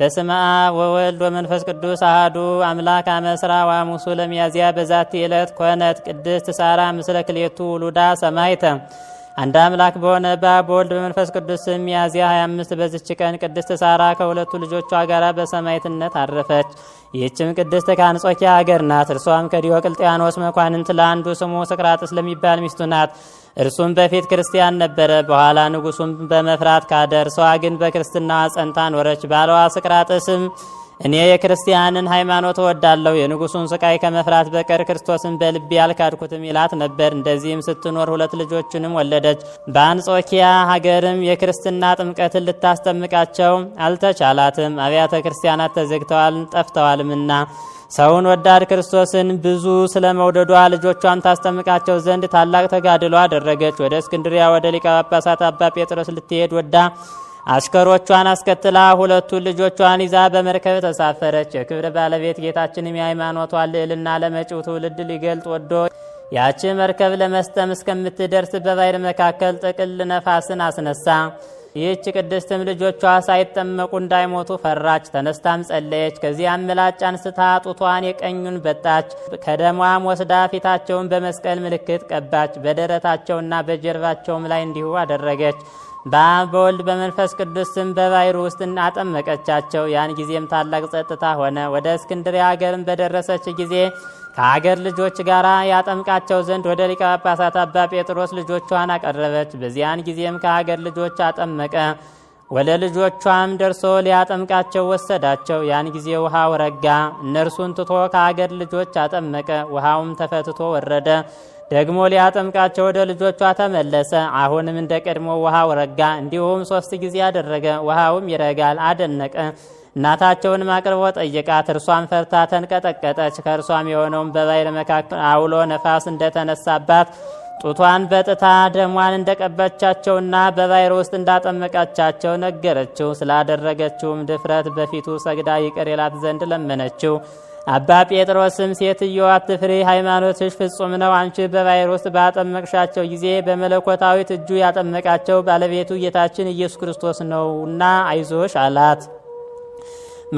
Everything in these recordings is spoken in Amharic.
በስመ አብ ወወልድ ወመንፈስ ቅዱስ አህዱ አምላክ አመስራ ዋሙሱ ለሚያዝያ በዛቲ ዕለት ኮነት ቅድስት ሳራ ምስለ ክሌቱ ውሉዳ ሰማይተ አንድ አምላክ በሆነ በአብ በወልድ በመንፈስ ቅዱስ ስም ሚያዝያ 25 በዚች ቀን ቅድስት ሳራ ከሁለቱ ልጆቿ ጋር በሰማይትነት አረፈች። ይህችም ቅድስት ከአንጾኪያ አገር ናት። እርሷም ከዲዮቅልጥያኖስ መኳንንት ለአንዱ ስሙ ስቅራጥስ ለሚባል ሚስቱ ናት። እርሱም በፊት ክርስቲያን ነበረ። በኋላ ንጉሱም በመፍራት ካደ። እርሷ ግን በክርስትናዋ ጸንታ ኖረች። ባለዋ ስቅራጥስም እኔ የክርስቲያንን ሃይማኖት እወዳለሁ፣ የንጉሱን ስቃይ ከመፍራት በቀር ክርስቶስን በልቤ አልካድኩትም ይላት ነበር። እንደዚህም ስትኖር ሁለት ልጆችንም ወለደች። በአንጾኪያ ሀገርም የክርስትና ጥምቀትን ልታስጠምቃቸው አልተቻላትም፣ አብያተ ክርስቲያናት ተዘግተዋል ጠፍተዋልምና። ሰውን ወዳድ ክርስቶስን ብዙ ስለ መውደዷ ልጆቿን ታስጠምቃቸው ዘንድ ታላቅ ተጋድሎ አደረገች። ወደ እስክንድሪያ ወደ ሊቀ ጳጳሳት አባ ጴጥሮስ ልትሄድ ወዳ አሽከሮቿን አስከትላ ሁለቱን ልጆቿን ይዛ በመርከብ ተሳፈረች። የክብር ባለቤት ጌታችንም የሃይማኖቷን ልዕልና ለመጪው ትውልድ ሊገልጥ ወዶ ያቺ መርከብ ለመስጠም እስከምትደርስ በባይር መካከል ጥቅል ነፋስን አስነሳ። ይህች ቅድስትም ልጆቿ ሳይጠመቁ እንዳይሞቱ ፈራች። ተነስታም ጸለየች። ከዚያም ምላጭ አንስታ ጡቷን የቀኙን በጣች። ከደሟም ወስዳ ፊታቸውን በመስቀል ምልክት ቀባች። በደረታቸውና በጀርባቸውም ላይ እንዲሁ አደረገች። በአብ በወልድ በመንፈስ ቅዱስ ስም ውስጥ አጠመቀቻቸው። ያን ጊዜም ታላቅ ጸጥታ ሆነ። ወደ እስክንድርያ ሀገርም በደረሰች ጊዜ ከአገር ልጆች ጋር ያጠምቃቸው ዘንድ ወደ ሊቀ ጳጳሳት አባ ጴጥሮስ ልጆቿን አቀረበች። በዚያን ጊዜም ከአገር ልጆች አጠመቀ። ወደ ልጆቿም ደርሶ ሊያጠምቃቸው ወሰዳቸው። ያን ጊዜ ውሃው ረጋ፣ እነርሱን ትቶ ከአገር ልጆች አጠመቀ። ውሃውም ተፈትቶ ወረደ። ደግሞ ሊያጠምቃቸው ወደ ልጆቿ ተመለሰ። አሁንም እንደ ቀድሞ ውሃው ረጋ። እንዲሁም ሶስት ጊዜ አደረገ። ውሃውም ይረጋል። አደነቀ። እናታቸውንም አቅርቦ ጠይቃት። እርሷም ፈርታ ተንቀጠቀጠች። ከእርሷም የሆነውን በባይል መካከል አውሎ ነፋስ እንደተነሳባት ጡቷን በጥታ ደሟን እንደቀበቻቸውና በባይር ውስጥ እንዳጠመቃቻቸው ነገረችው። ስላደረገችውም ድፍረት በፊቱ ሰግዳ ይቅር ይላት ዘንድ ለመነችው። አባ ጴጥሮስም ሴትየዋ አትፍሪ፣ ሃይማኖትሽ ፍጹም ነው። አንቺ በባሕር ውስጥ ባጠመቅሻቸው ጊዜ በመለኮታዊት እጁ ያጠመቃቸው ባለቤቱ ጌታችን ኢየሱስ ክርስቶስ ነውና አይዞሽ አላት።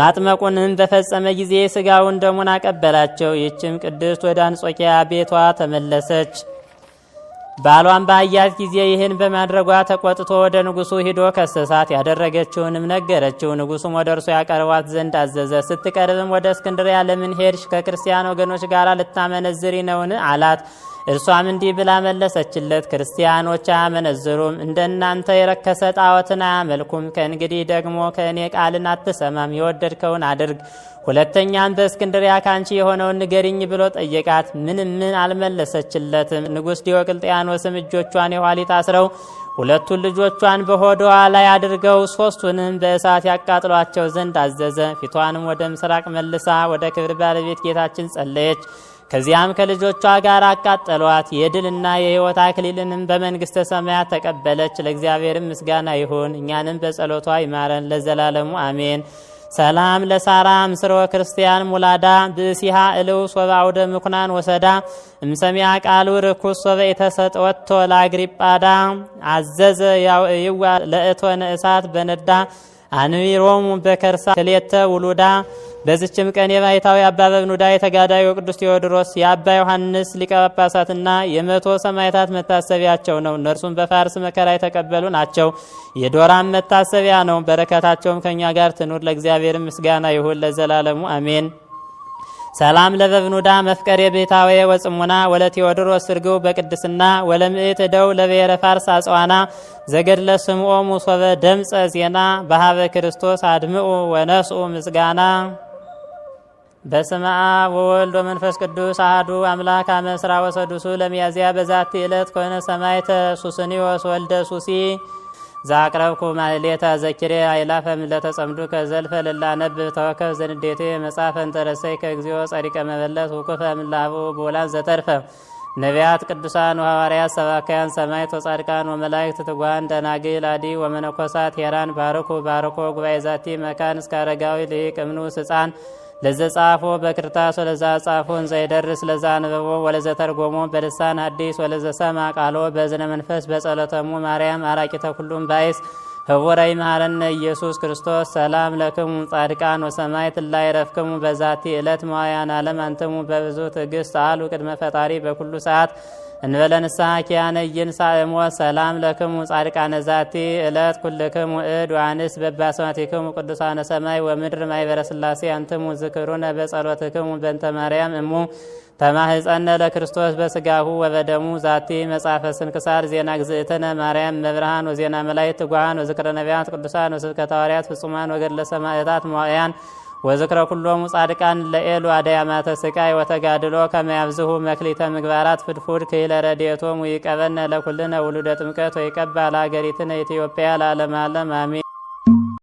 ማጥመቁንም በፈጸመ ጊዜ ስጋውን ደሙን አቀበላቸው። ይህችም ቅድስት ወደ አንጾኪያ ቤቷ ተመለሰች። ባሏን ባያት ጊዜ ይህን በማድረጓ ተቆጥቶ ወደ ንጉሱ ሂዶ ከሰሳት። ያደረገችውንም ነገረችው። ንጉሱም ወደ እርሱ ያቀርቧት ዘንድ አዘዘ። ስትቀርብም ወደ እስክንድርያ ለምን ሄድሽ? ከክርስቲያን ወገኖች ጋር ልታመነዝሪ ነውን? አላት። እርሷም እንዲህ ብላ መለሰችለት፣ ክርስቲያኖች አያመነዝሩም፣ እንደ እናንተ የረከሰ ጣዖትን አያመልኩም። ከእንግዲህ ደግሞ ከእኔ ቃልን አትሰማም፣ የወደድከውን አድርግ። ሁለተኛም በእስክንድሪያ ካንቺ የሆነውን ንገሪኝ ብሎ ጠየቃት። ምንም ምን አልመለሰችለትም። ንጉሥ ዲዮቅልጥያኖስም እጆቿን የኋሊት አስረው ሁለቱን ልጆቿን በሆዷ ላይ አድርገው ሶስቱንም በእሳት ያቃጥሏቸው ዘንድ አዘዘ። ፊቷንም ወደ ምስራቅ መልሳ ወደ ክብር ባለቤት ጌታችን ጸለየች። ከዚያም ከልጆቿ ጋር አቃጠሏት። የድልና የሕይወት አክሊልንም በመንግሥተ ሰማያት ተቀበለች። ለእግዚአብሔርም ምስጋና ይሁን፣ እኛንም በጸሎቷ ይማረን ለዘላለሙ አሜን። ሰላም ለሳራ ምስሮ ክርስቲያን ሙላዳ ብእሲሃ እልው ሶበ አውደ ምኩናን ወሰዳ እምሰሚያ ቃሉ ርኩስ ሶበ የተሰጥ ወጥቶ ለአግሪጳዳ አዘዘ ያውእይዋ ለእቶ እሳት በነዳ አንቢሮሙ በከርሳ ክሌተ ውሉዳ በዚችም ቀን የባይታዊ አባ በብኑዳ የተጋዳዩ ቅዱስ ቴዎድሮስ የአባ ዮሐንስ ሊቀ ጳጳሳትና የመቶ ሰማዕታት መታሰቢያቸው ነው። እነርሱም በፋርስ መከራ የተቀበሉ ናቸው። የዶራም መታሰቢያ ነው። በረከታቸውም ከእኛ ጋር ትኑር። ለእግዚአብሔር ምስጋና ይሁን ለዘላለሙ አሜን። ሰላም ለበብኑዳ መፍቀር ቤታዊ ወጽሙና ወለቴዎድሮስ እርግው በቅድስና ወለምእት ደው ለብሔረ ፋርስ አጽዋና ዘገድለ ስምኦ ሙሶበ ደምፀ ዜና በሃበ ክርስቶስ አድምኡ ወነስኡ ምስጋና በስመ አብ ወወልድ ወመንፈስ ቅዱስ አህዱ አምላክ አመ ዕስራ ወሰዱሱ ለሚያዝያ በዛቲ ዕለት ኮነ ሰማይ ሱስንዮስ ወልደ ሱሲ ዛቅረብኩ ማሕሌተ ዘኪሬ አእላፈ ምለተ ከዘልፈ ልላ ነብ ተወከ ዘንዴቴ መጽሐፈ እንተረሰይከ ከእግዚኦ ጸሪቀ መበለት ውቁፈ ምላቡ ቦላን ዘተርፈ ነቢያት፣ ቅዱሳን ወሐዋርያት፣ ሰባክያን፣ ሰማዕት ወጻድቃን ወመላእክት፣ ትጓን ደናግል፣ አዲ ወመነኮሳት ሄራን ባርኩ ባርኮ ጉባኤ ዛቲ መካን እስከ አረጋዊ ልሂቅ እምኑስ ሕፃን ለዘ ጻፎ በክርታስ ወለዛ ጻፎ እንዘ ይደርስ ለዛ አንብቦ ወለዘ ተርጎሞ በልሳን አዲስ ወለዘ ሰማ ቃሎ በዝነ መንፈስ በጸሎተሙ ማርያም አራቂ ተኩሉም ባይስ ህቡረይ መሐረነ ኢየሱስ ክርስቶስ ሰላም ለክሙ ጻድቃን ላይ ረፍክሙ በዛቲ ዕለት መዋያን አለም አንትሙ በብዙ ትዕግስት አሉ ቅድመ ፈጣሪ በኩሉ ሰዓት እንበለ ንስሐ ኪያነ ኢይንሳእሞ ሰላም ለክሙ ጻድቃነ ዛቲ ዕለት ኩልክሙ እድ ዋንስ በባሰማቲክሙ ቅዱሳነ ሰማይ ወምድር ማይበረ ስላሴ አንትሙ ዝክሩነ በጸሎትክሙ በእንተ ማርያም እሙ ተማህፀነ ለክርስቶስ በስጋሁ ወበደሙ ዛቲ መጽሐፈ ስንክሳር ዜና ግዝእትነ ማርያም መብርሃን ወዜና መላእክት ትጉሃን ወዝክረ ነቢያት ቅዱሳን ወስብከተ ሐዋርያት ፍጹማን ወገድለ ሰማዕታት መዋዕያን ወዝክረ ኩሎሙ ጻድቃን ለኤሉ አዳያማተ ስቃይ ወተጋድሎ ከመ መክሊተ ምግባራት ፍድፉድ ክይለ ረድኤቶሙ ይቀበነ ለኩልነ ውሉደ ጥምቀት ወይቀባ ለአገሪትነ ኢትዮጵያ ለዓለመ ዓለም አሜን።